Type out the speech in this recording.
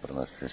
pronunciation.